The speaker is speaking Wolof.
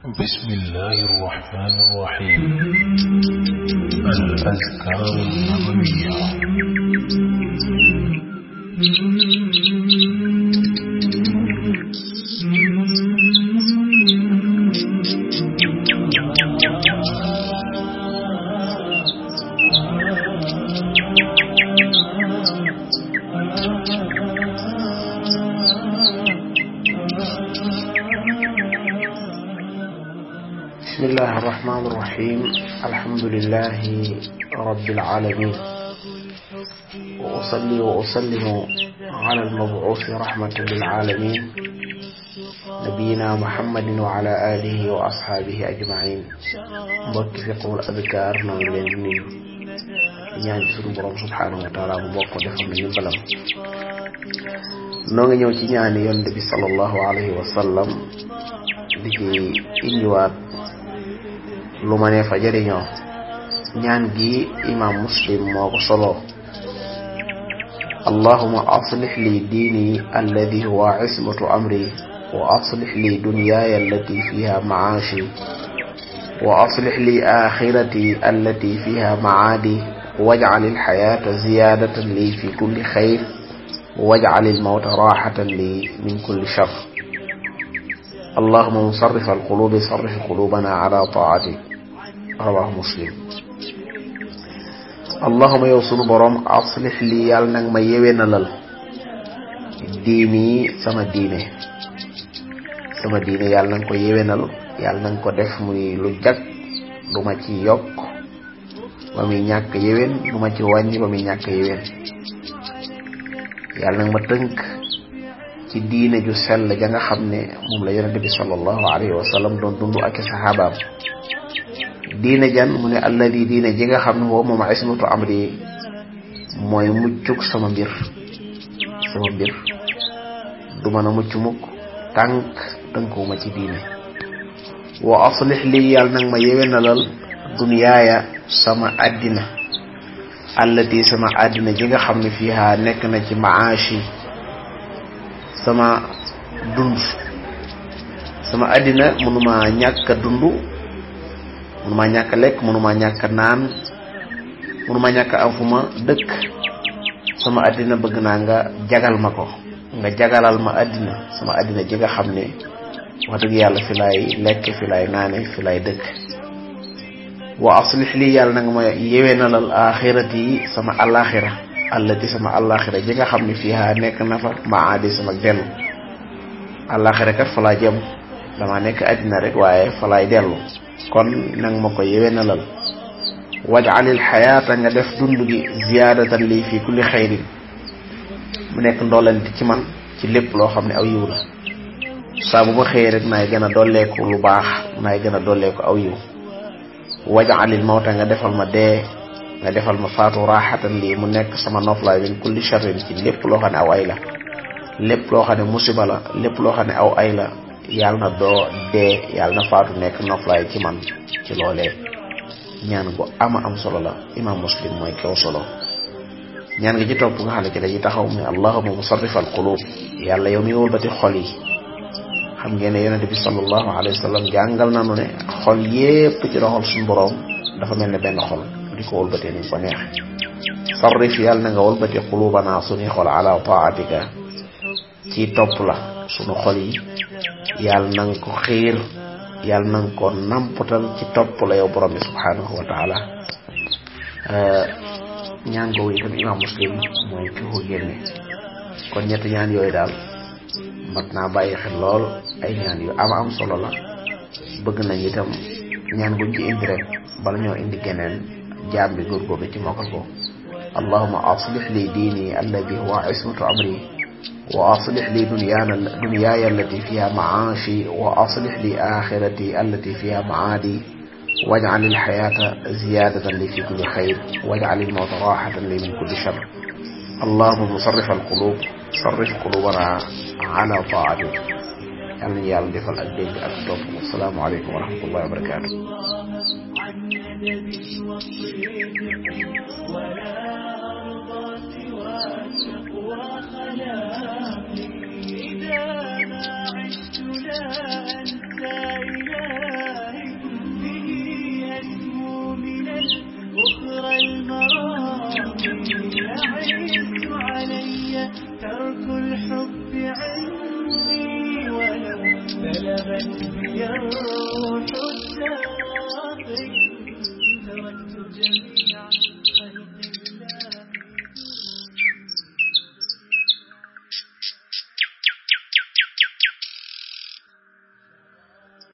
بسم الله الرحمن الرحيم الأذكار النبوية Mm-hmm. bismillahi irrahmani irrahim alhamdulilahi rabilalamin wa usalli wa usallimu ala almabuusi rahmatan lilaalamin nabiyina muhammadin wa ala alihi wa ashaabihi ajmain mbokki fiqhul adkaar noonu leen di nuyu ñaan ci sunu borom subhaanahu wa taala mu bokk defal na ñu balam noo ngi ñëw ci ñaani yonent bi sallallahu alayhi wa sallam di ci indiwaat lu ma ne fa jëriñoo ñaan gi imam muslim moo ko solo allahuma aslih li diini alladi huwa ismatu amri wa aslih li dunyaaya allati fiha maashi wa aslih li axirati allati fiha maadi wajcal alxayaata ziyaadatan li fi kulli xayr wajcal almawta raaxatan li min kulli shar allahuma musarrif alqulubi sarrif qulubana ala taatik rawaahu muslim allahuma yow sunu borom aslix li yàlla nag ma yewe na lal diini sama diine sama diine yàlla nanga ko yewenal yàlla nanga ko def muy lu jag du ma ci yokk ba muy ñàkk yewen du ma ci wàññi ba muy ñàkk yewen yàlla nag ma tënk ci diine ju sell ja nga xam ne moom la yen bi sallallahu alayhi wa sallam doon dund ak saxaabaam diina jan mu ne alladi diina ji nga xam ne woo moom ismatu amri mooy muccuk sama mbir sama mbir du mën a mucc mukk tànk tënkuwuma ci diine wa aslix lii yàlla nag ma yewenalal duniyaaya sama àddina allati sama àddina ji nga xam ne fii ha nekk na ci maashi sama dund sama àddina mënuma ñàkk dund mënumaa ñàkk a lekk mënumaa ñàkk a naan mënumaa ñàkk a am fu ma dëkk sama àddina bëgg naa nga jagal ma ko nga jagalal ma àddina sama àddina ji nga xam ne wax dëgg yàlla fi laay lekk fi laay naane fi laay dëkk wa aslix lii yàlla na nga ma yewenalal axirati yi sama alaxira allati sama alaxira ji nga xam ne fiiha nekk na fa maadi sama dellu alaxira kat fa jëm dama nekk àddina rek waaye falaay dellu kon nang ma ko yewenalal wajalil xayaata nga def dund gi ziyaadatan lii fii kulli xayrin mu nekk ndolleent ci man ci lépp loo xam ne aw yiw la saa bu ma xëyee rek naay gën a dolleeku lu baax naay gën a dolleeku aw yiw wajalil mawta nga defal ma dee nga defal ma faatu raaxatan lii mu nekk sama noflaay min kulli sharrin ci lépp loo xam ne aw ay la lépp loo xam ne musiba la lépp loo xam ne aw ayla yàlla na doo dee yàlla na faatu nekk noflaay ci man ci loolee ñaan gu ama am solo la imam muslim mooy kew solo ñaan nga ci topp nga xam ne ci dañuy taxaw muy allahuma musarrifal qulub yàlla yow mi wëlbati xol yi xam ngeen ne yonente bi sallallahu alayhi wa jàngal nanu ne xol yépp suñu boroom dafa mel ne benn xol di ko wëlbatee ni ko neex sarrif yàlla na nga wëlbati qulubana suñuy xol ala taatika ci topp la sunu xol yi yàlla na nga ko xiir yàlla na ko namputal ci topp la yow borom bi subhanahu wa taala ñaan googu itam imam muslim mooy ki ko génne kon ñetti ñaan yooyu daal mat naa bàyyi xel lool ay ñaan yu am am solo la bëgg nañ itam ñaan guñ ci indi rek bala ñoo indi geneen jaam bi góorgóorlu ci mokkal ko allahuma aslih li diini alladi huwa amri wa aslih li dunyaana dunyaaya allati fiha maashi wa aslih li axirati allati fiha maadi waj'al al-hayaata ziyaadatan li fi kulli xayr waj'al al-mawta raaxatan li min kulli shar allahumma musarrif al-quluub sarrif quluubanaa ala taatik yàlla nañu yàlla defal ak dégg ak topp assalaamu aleykum wa rahmatullahi wa barakaatu الذي وصيته ولا أرضى سوى تقوى خلاقي إذا ما عشت لا أنسى إلهي به أسمو من الأخرى المراضي أعز علي ترك الحب عني ولو بلغت بي الروح الساقي الجميع